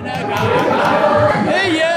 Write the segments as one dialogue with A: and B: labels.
A: Hey, yeah.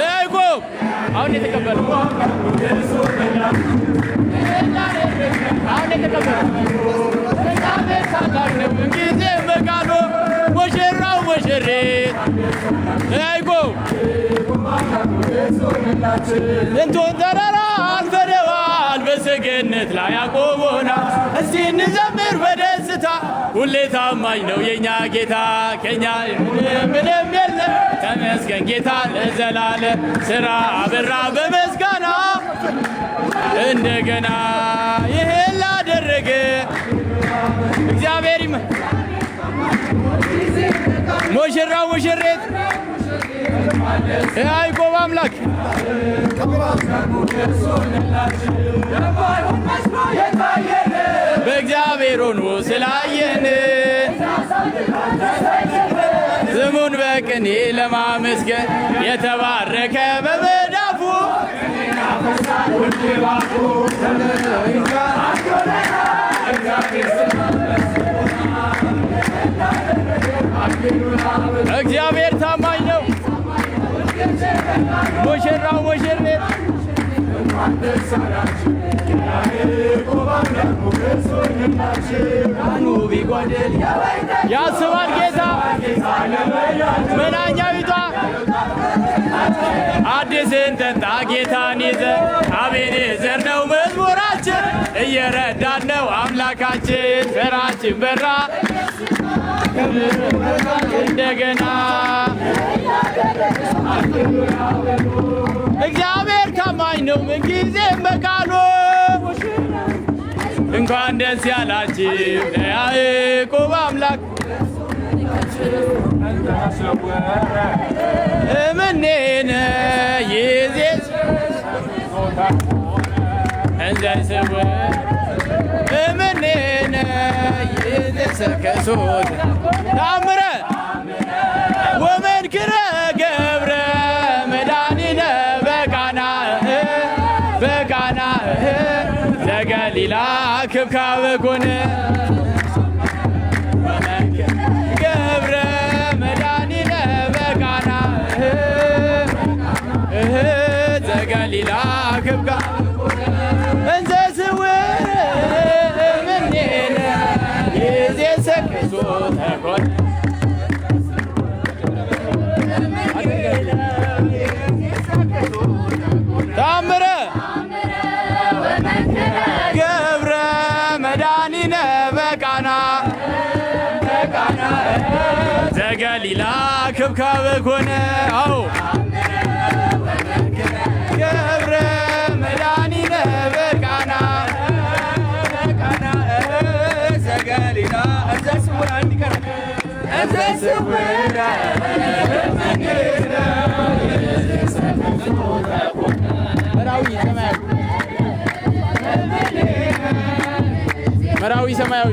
B: ያዕቆብ
C: አሁን የተቀበለ
B: አሁን የተቀበለ ጊዜ መቃኖ ሙሽራው ሙሽሪት ያዕቆብ እንትን ተራራ ሰገነት ላይ አቆሞና እስቲ እንዘምር በደስታ ሁሌ ታማኝ ነው የኛ ጌታ ከኛ ምንም የለ ተመስገን ጌታ ለዘላለ ስራ አበራ በመስጋና እንደገና ይህን ላደረገ እግዚአብሔር ይመ ሙሽራው ሙሽሬት የያዕቆብ አምላክ በእግዚአብሔር ሆኖ ስላየን ስሙን በቅኔ ለማመስገን የተባረከ በመዳፉ እግዚአብሔር ታማኝ ሙሽራው ሙሽር ቤት ያስባል ጌታ መናኛዊቷ አዲስን ጠጣ ጌታን ይዘን አቤኔዘር ነው መዝሙራችን እየረዳን ነው አምላካችን ስራችን በራ እንደገና እግዚአብሔር ታማኝ ነው፣ ምንጊዜም በቃሉ እንኳን ደስ ያላችሁ ያዕቆብ አምላክ እምኔነ ይዜዝ እንዘይስውር እምኔነ ሰከሱት ታምረ ወመንክረ ገብረ መድኃኒነ በቃና በቃና ዘገሊላ ክብካበ ኮነ ገብረ ክብካ ካብክ ሆነ አው ገብረ መድኃኒነ በቃና መራዊ ሰማያዊ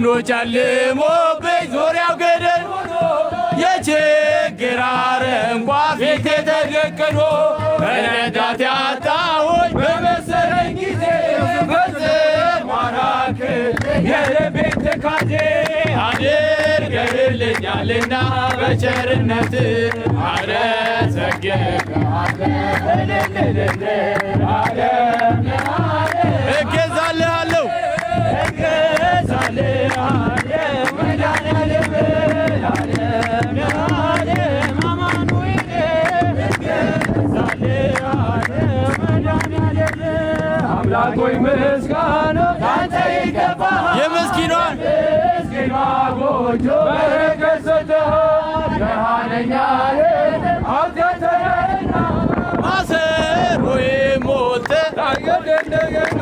B: ቀኖች አልሞብኝ ዙሪያው ገደል ሆኖ የችግር አረንቋ ፊቴ ተደቅኖ ረዳት ያጣሁኝ በመሰለኝ ጊዜ ፈጽሞ ራቅ ትካዜ አድርገልኛልና በቸርነት አረ ሰገ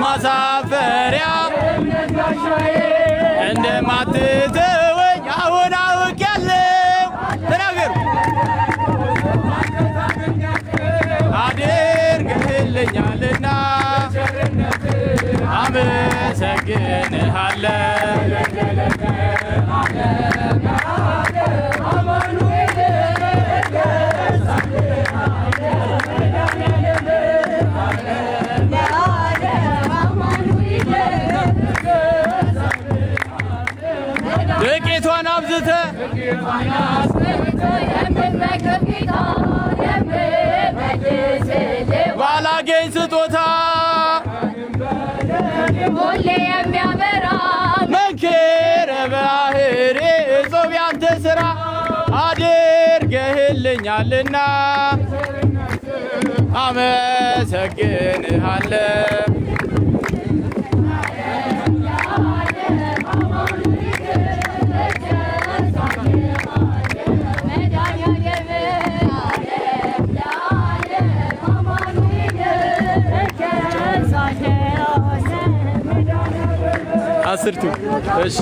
B: ማሳፈሪያ እንደማትተወኝ አሁን አውቄያለሁ። ተናገሩ አድርግልኛልና አመሰግንሃለሁ አብዝተ ባላገኝ ስጦታ ሁሌ የሚያበራ መክረ ባህሬ ጾም ያንተ ሥራ አድርገህልኛልና አመሰግንሃለሁ። አስርቱ እሺ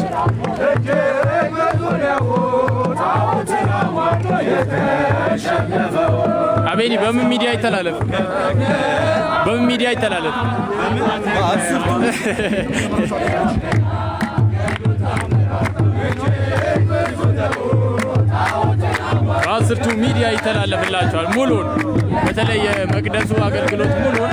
B: አቤኒ በምን ሚዲያ ይተላለፍ? በምን ሚዲያ ይተላለፍ? በአስርቱ ሚዲያ ይተላለፍላቸዋል። ሙሉን በተለይ የመቅደሱ አገልግሎት ሙሉን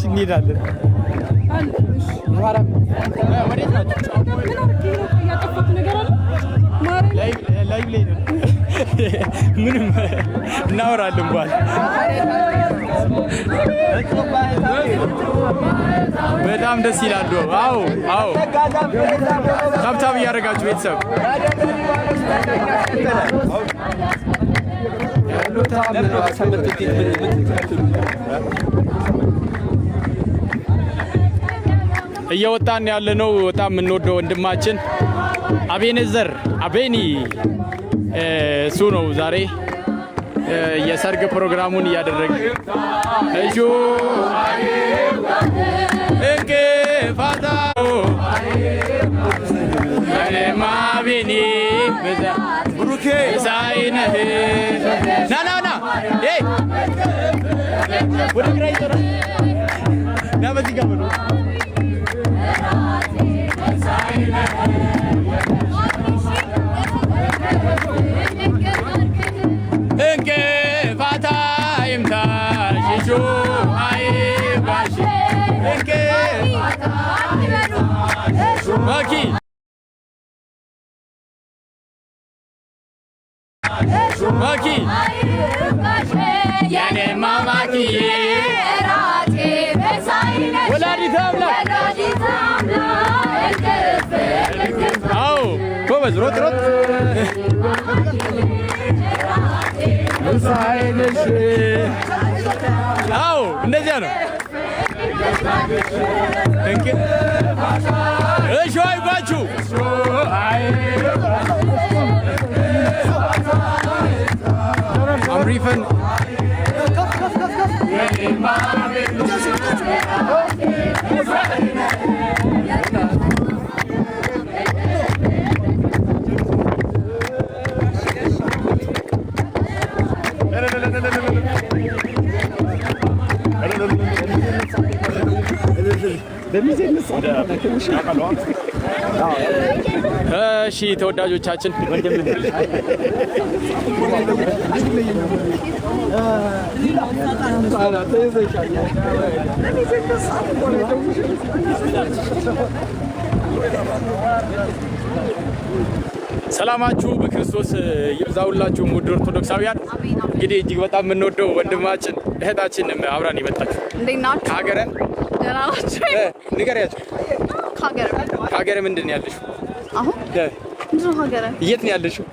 B: እንሄዳለን ላይቭ ላይ ነው። ምንም እናወራለን ባል በጣም ደስ ይላሉ። አዎ አዎ፣ ታብታብ እያደረጋችሁ ቤተሰብ እየወጣን ያለ ነው። በጣም የምንወደው ወንድማችን አቤኔዘር አቤኒ እሱ ነው ዛሬ የሰርግ ፕሮግራሙን እያደረገ እጁ እንቅፋታ ማቤኒ ብሩኬ ወደ ግራ ይጠራ ና በዚህ ጋር ማኪ የኔማ ማኪዬ ራቴ በሳይ ወላዲተ አምላክ አዎ ጎበዝ ሮጥ ሮጥ ሳይልሽ አዎ፣ እንደዚያ ነው። እሾ አይባችሁ አምሪፈን እሺ ተወዳጆቻችን ሰላማችሁ ክርስቶስ ይብዛውላችሁ ውድ ኦርቶዶክሳውያን። እንግዲህ እጅግ በጣም የምንወደው ወንድማችን እህታችን አብራን ይመጣችሁ። እንዴት ናችሁ? ከሀገረን ንገሪያቸው። ከሀገረ ምንድን ነው ያለሽው? የት ነው ያለሽው?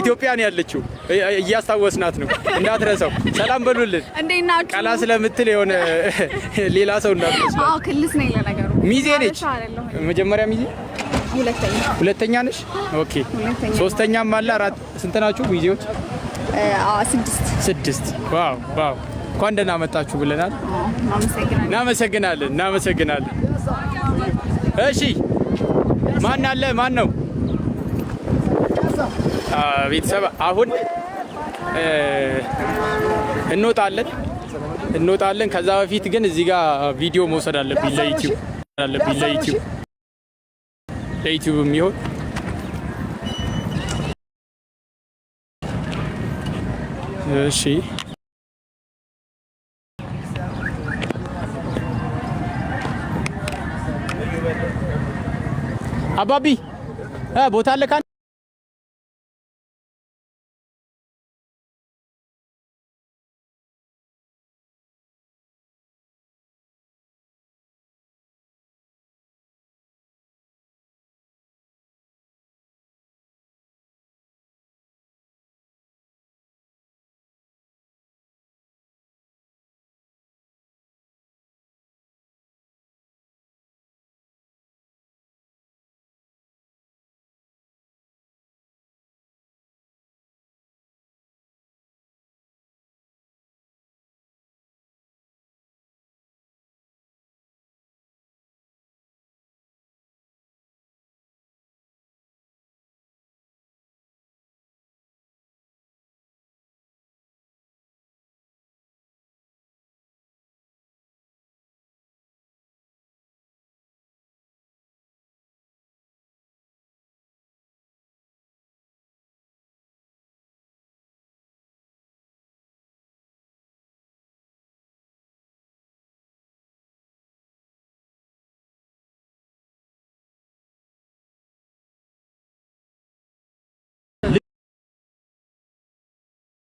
B: ኢትዮጵያ ነው ያለችው። እያስታወስናት ነው እንዳትረሳው። ሰላም በሉልን። እንዴት ናችሁ? ቀላ ስለምትል የሆነ ሌላ ሰው እንዳትረሳው።
D: ክልስ ነኝ። ለነገሩ
B: ሚዜ ነች መጀመሪያ ሚዜ ሁለተኛ ነሽ? ኦኬ። ሶስተኛም አለ አራት። ስንት ናችሁ ሚዜዎች? ስድስት ስድስት። ዋው ዋው! እንኳን ደህና መጣችሁ ብለናል። እናመሰግናለን፣ እናመሰግናለን። እሺ፣ ማን አለ? ማን ነው ቤተሰብ? አሁን እንወጣለን እንወጣለን። ከዛ በፊት ግን እዚህ ጋር ቪዲዮ መውሰድ አለብኝ ለዩቲዩብ አለብኝ ለዩቲዩብ ለዩቲዩብ የሚሆን እሺ አባቢ ቦታ አለ።